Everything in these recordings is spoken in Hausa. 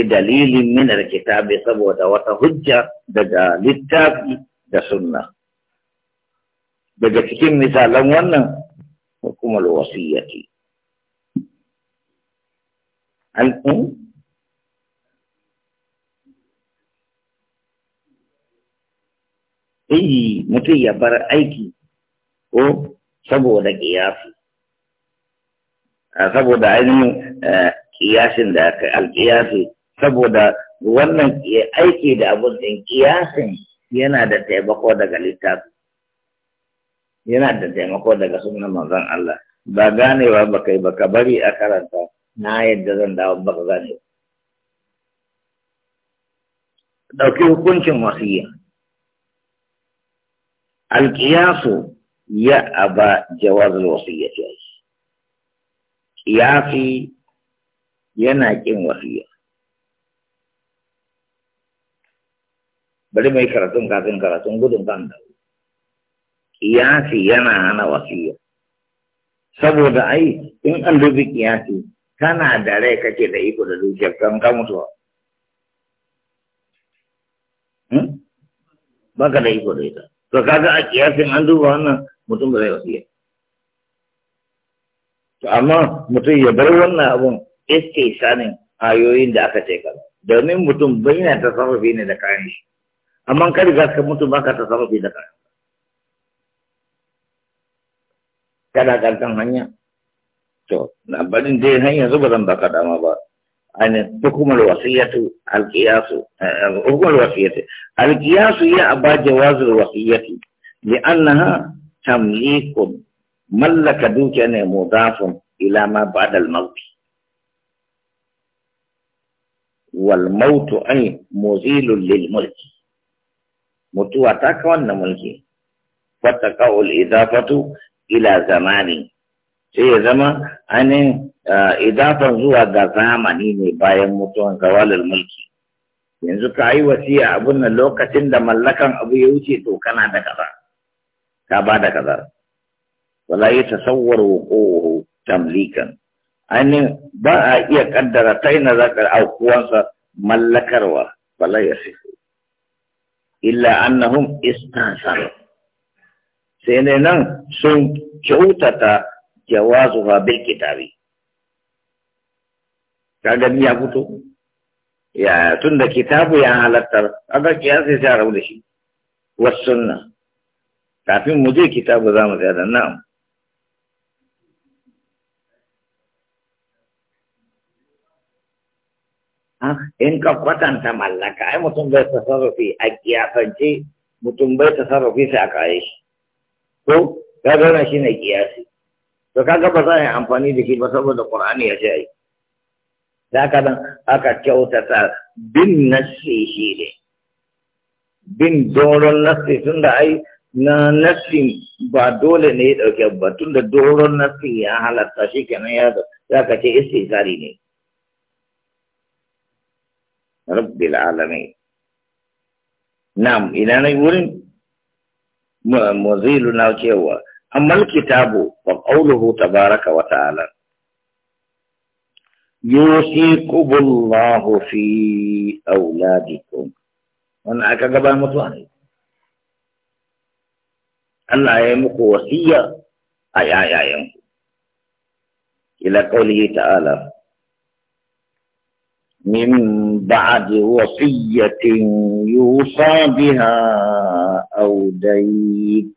dalilin min alkitabi saboda wata hujja daga littafi da sunna daga cikin misalan wannan hukumar wasiyyati alƙun iyi hmm? mutum ya bar aiki ko saboda ƙiyasi saboda ainihin ƙiyasin eh, da aka alƙiyasi saboda wannan aiki da abun din kiyasin yana da taimako daga littafi yana da taimako daga sunan manzon Allah ba ganewa ba kai ba ka bari a karanta na yadda zan dawo ba ka gane ɗauki hukuncin wasiyya alƙiyasu ya aba jawazul wasiyya ce ƙiyasi yana ƙin wasiyya bari mai karatun kafin karatun gudun kan da kiyasi yana hana wasiya saboda ai in an dubi kiyasi kana da rai kake da iko da dukiyar kan ka mutuwa hmm? ka da iko da ita to kaga a kiyasin an duba wannan mutum ba zai wasiya to amma mutum ya bar wannan abun iske sanin ayoyin da aka ce kaza domin mutum bai na tasarrufi ne da kayan shi amma ka riga ka mutu ba ka ta samu da ka ka san hanya to na barin dai hanya zuba zan baka dama ba an hukumar wasiyatu alqiyasu eh, hukumar wasiyatu alqiyasu ya aba jawazul wasiyati annaha tamlikun mallaka dukiya ne mudafun ila ma ba'da al-maut wal mautu ay muzilun lil mulki mutuwa ta ka wannan mulki wata ka'ul idafatu ila zamani sai ya zama anin idafan zuwa ga zamani ne bayan mutuwan gawalar mulki yanzu ka yi wasiya abun nan lokacin da mallakan abu ya wuce to kana da kaza ka ba da kaza wala ya tasawwar wuƙo tamlikan anin ba a iya kaddara taina zakar aukuwansa mallakarwa wala sai illa annahum istansar sai ne nan sun kyautata ha bil kitabi kaga ni ya fito ya tunda kitabu ya halattar aga kiyasi sai rabu da shi wasunna kafin mu je kitabu zamu ga nan in ka kwatanta mallaka ai mutum bai tasarrufi a kiyasance mutum bai tasarrufi sai a kare shi ko ka ga shi ne kiyasi to kaga ba za a yi amfani da shi ba saboda qur'ani ya ce ai da haka nan aka kyautata bin nassi shi ne bin doron nassi da ai na nassi ba dole ne ya dauke ba tun da doron nassi ya halatta shi kenan ya zaka ce istisari ne رب العالمين نعم إلى أن نقول مزيل نوتيوا أما الكتاب فقوله تبارك وتعالى يوصيكم الله في أولادكم وأنا أكذب مطلعني أن ya muku أي أي yayayenku. إلى قوله تعالى من بعد وصية يوصى بها أو دين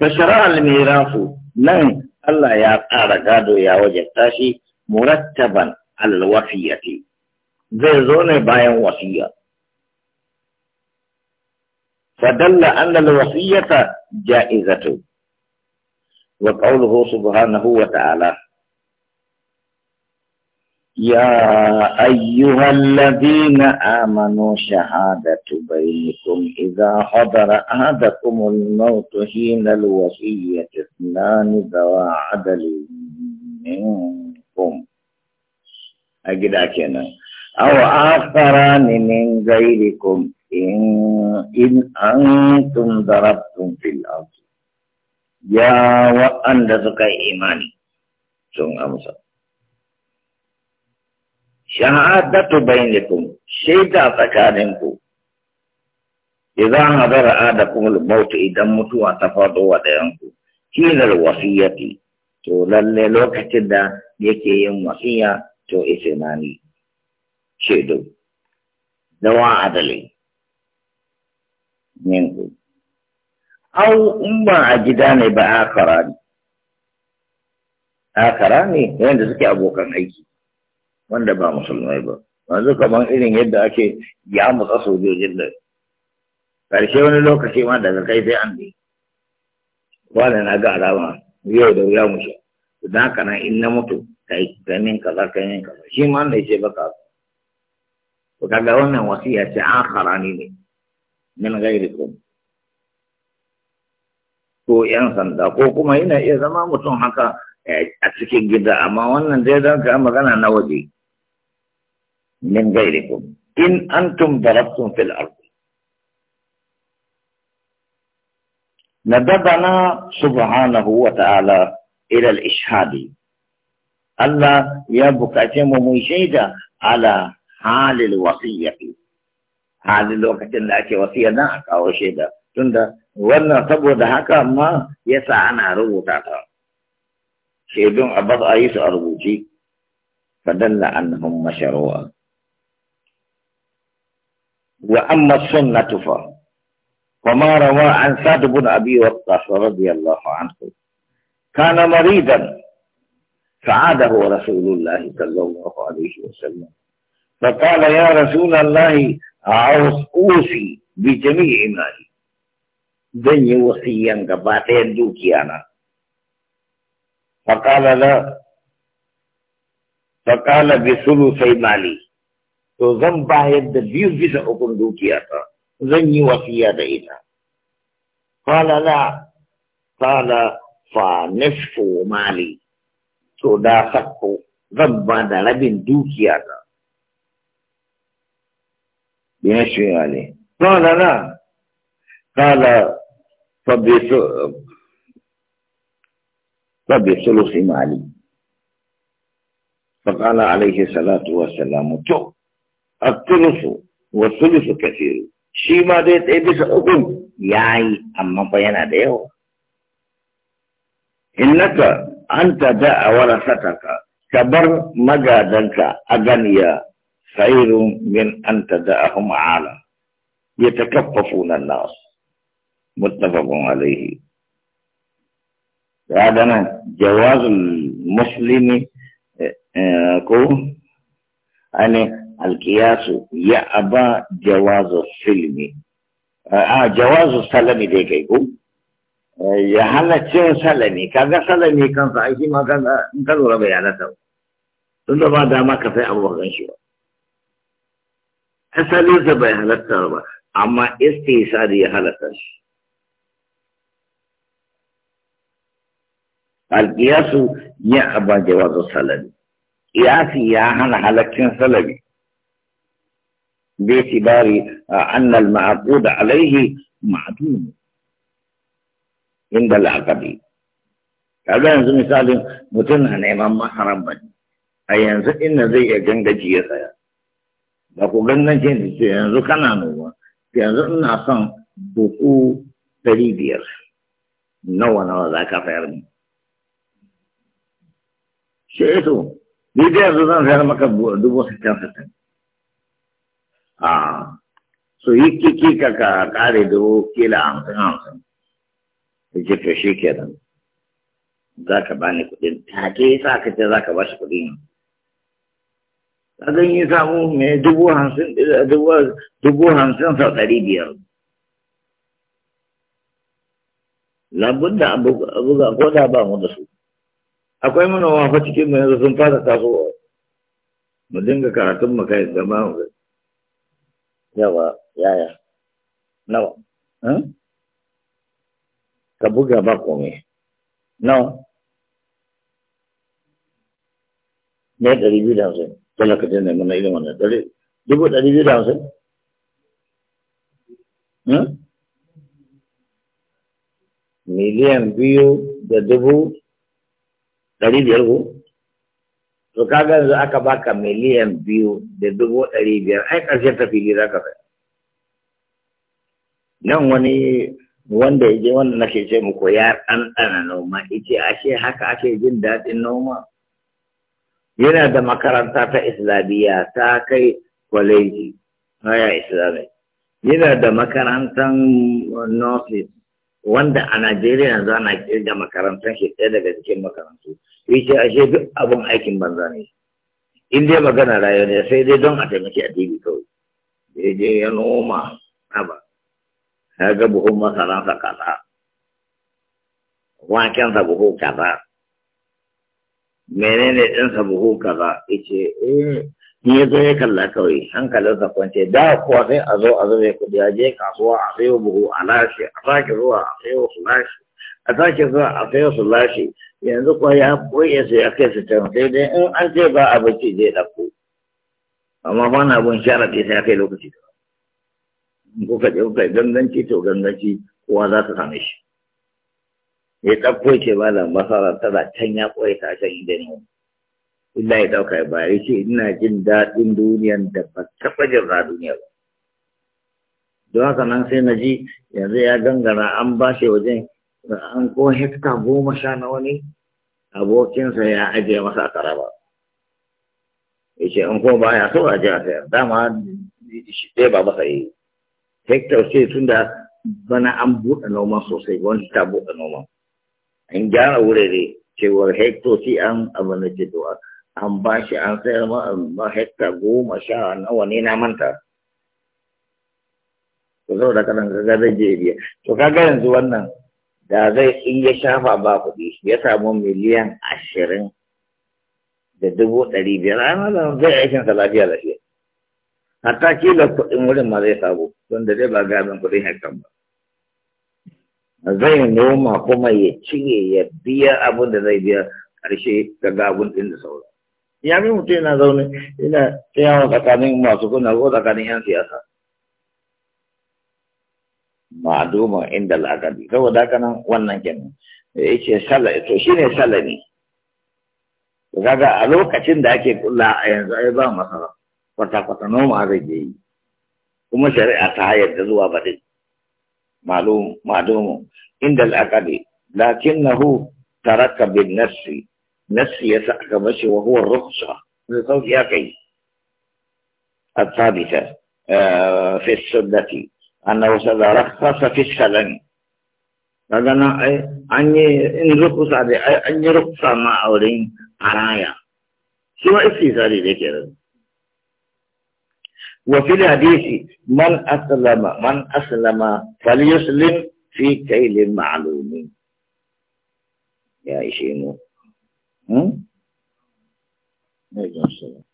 فشرع الميراث لن الله يا قارقادو يا وجدتاشي مرتبا على الوصية زي زون باين وصية فدل أن الوصية جائزة وقوله سبحانه وتعالى يا أيها الذين آمنوا شهادة بينكم إذا حضر أحدكم الموت حين الوصية اثنان ذوى عدل منكم أجد كنا أو آخران من غيركم إن, إن أنتم ضربتم في الأرض يا وأن ذكى إيماني ثم أمسك shahadatu bainakum shaida tsakaninku idan hadara adakum al-maut idan mutuwa ta fado wa dayanku kinal wasiyati to lalle lokacin da yake yin wasiya to isinani shaidu dawa adali Ninku. au in ba a gida ne ba akara ne akara ne wanda suke abokan aiki wanda ba musulmai ba wanzu kamar irin yadda ake ya mutsa sojojin da karshe wani lokaci ma daga kai sai an bi wani na ga alama yau da wuya musu su da haka in na mutu ka yi ganin kaza ka yi kaza shi ma wanda ya ce baka to kaga wannan wasiya ce an harani ne min gairikum ko yan sanda ko kuma yana iya zama mutum haka eh, a cikin gida amma wannan dai za ka magana na waje من غيركم إن أنتم ضربتم في الأرض ندبنا سبحانه وتعالى إلى الإشهاد الله يبقى مشيدة على حال الوصية حال الوقت التي وصية ناك أو شيدة تندى وانا تبغى هكا ما يسعى أنا ربوتاتا شيدون أبض أيس جي فدل أنهم مشروعا وأما السنة ف وما روى عن سعد بن أبي وقاص رضي الله عنه كان مريضا فعاده رسول الله صلى الله عليه وسلم فقال يا رسول الله أوصي بجميع مالي دني وصيا قباتين دوكيانا فقال لا فقال بثلثي مالي تو زن باید د دیو ویزه حکم دو کیا تا زن یو وصیا دیتا قال لا قال فا نصف مالی تو دا سکو زن با دا لبین دو کیا تا بیشوی آلی قال لا قال فبسلوخ مالی فقال عليه الصلاة والسلام الثلث والثلث كثير شيما ديت ابس اوكم ياي يعني اما بيانا ديو انك انت دا ورثتك كبر مجا اغنيا خير من انت تدعهم عالا يتكففون الناس متفق عليه هذا جواز المسلم آه، آه، كو اني يعني القياس ابا جواز السلم آه جواز السلم دي كيكم آه، يحل تشير سلمي كذا سلمي كان فعيسي ما كان آه، انتظر ربي على تو ثم بعد ما كفى أبو بكر شو أسأل يوسف يحل التربة أما استيساد يحل التش القياس يأبى جواز السلمي قياسي يا هن حلك سلمي باعتبار أن المعقود عليه معدوم عند العقد kaga yanzu misalin mutum na neman maharan ba a yanzu ina zai iya gangaji ya tsaya ba ku gangace da ce yanzu kana noma yanzu ina son buku dari biyar nawa nawa za ka fayar mu shi ito ni da yanzu zan sayar maka dubu sittin sittin a ah. so yi kiki ka ka kare dubu kila hamsin hamsin da ce to ke nan. za ka ba ni ke yi sa ka ce za ka ba shi kuɗin kagan yi samu mai dubu hamsin eh, dubu hamsin sau ɗari biyar labun da abubuwa ko da ba mu da su akwai manoma fa cikin mai yanzu sun fara tasowa mu dinga karatun mu kai gaba mu yawa yaya nawa hmm? ka buga ba komai nawa ne ɗari biyu da hamsin ilimin ɗari dubu ɗari biyu da hamsin hmm? miliyan biyu da dubu ɗari biyar ko to kaga yanzu aka baka miliyan biyu da dubu ɗari biyar ai ta fili za ka sai nan wani wanda ya je wanda nake ce muku ya ɗanɗana noma ice ashe haka ake jin daɗin noma yana da makaranta ta islamiyya ta kai kwaleji haya islami yana da makarantar nurses wanda a najeriya yanzu ana kirga makarantar shi ɗaya daga cikin makarantu yace ashe duk abun aikin banza ne in dai magana rayuwa ne sai dai don a taimaki addini kawai ya je ya noma haba ya ga buhun masaransa kaza wakensa buhu kaza menene ɗinsa buhu kaza yace eh ni ya zo ya kalla kawai hankalinsa kwance da kuwa sai a zo a zube kudi a je kasuwa a sayo buhu a lashe a sake zuwa a sayo su lashe a sake zuwa a sayo su lashe yanzu ko ya koye su ya kai su can sai dai in an ce ba a ce zai ɗauko amma ba na bin sharaɗi sai ya kai lokaci ka kuka je kuka ganganci to ganganci kowa za ta same shi ya ɗauko ce ba da masara tana can ya koye ta can inda ne illa ya ɗauka ya bayar ce ina jin daɗin duniyan da ba taɓa jin ra duniya ba don haka nan sai na ji yanzu ya gangara an ba shi wajen an ko hekta goma sha nawa ne abokinsa ya ajiye masa a taraba ya ce in kuma baya so a jiya sayar dama shi ɗaya ba masa yi hektar ce tun da bana an buɗe noma sosai wani ta buɗe noma. an gyara wurare cewar hektar ce an abin da ke doa an ba shi an sayar ma hektar goma sha nawa ne na manta to saboda kanan ka ga zai je to kaga yanzu wannan da zai in ya shafa ba kuɗi ya samu miliyan ashirin da dubu ɗari biyar ana da zai aikin sa lafiya lafiya hatta kila kuɗin wurin ma zai sabo. don da zai ba gamin kuɗin hakan ba zai noma kuma ya cire ya biya abin da zai biya ƙarshe ga gabun ɗin da sauran ya fi mutum yana zaune yana tsayawa tsakanin masu kuna ko tsakanin yan siyasa ma'aduma inda al'akadi saboda haka nan wannan kenan yake sallah to shine salami kaga a lokacin da ake kulla a yanzu ai ba masara kwata kwata noma zai je yi kuma shari'a ta yarda zuwa baɗi malum ma'aduma inda al'akadi lakinnahu taraka bin nassi nassi ya saka mashi wa huwa rukhsa zai sauki ya kai tsabita في السنة أنه رخص في السلن السلم أني أن رخص يرخص أني رخص ما أولين عرايا سوى إسي استيصالي ذكر وفي الحديث من أسلم من أسلم فليسلم في كيل معلوم يا إشيمو هم؟ عليكم السلام